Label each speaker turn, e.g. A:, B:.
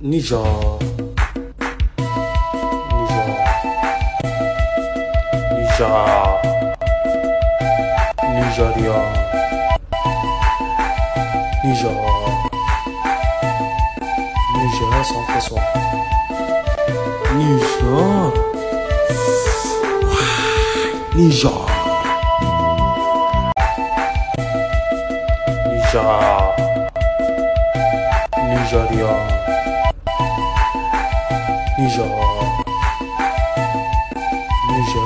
A: 你想，你想，你想，你想日利你想，
B: 你想日很爽快爽，尼日，
A: 哇，尼日，尼日啊，尼
C: 女神，女神。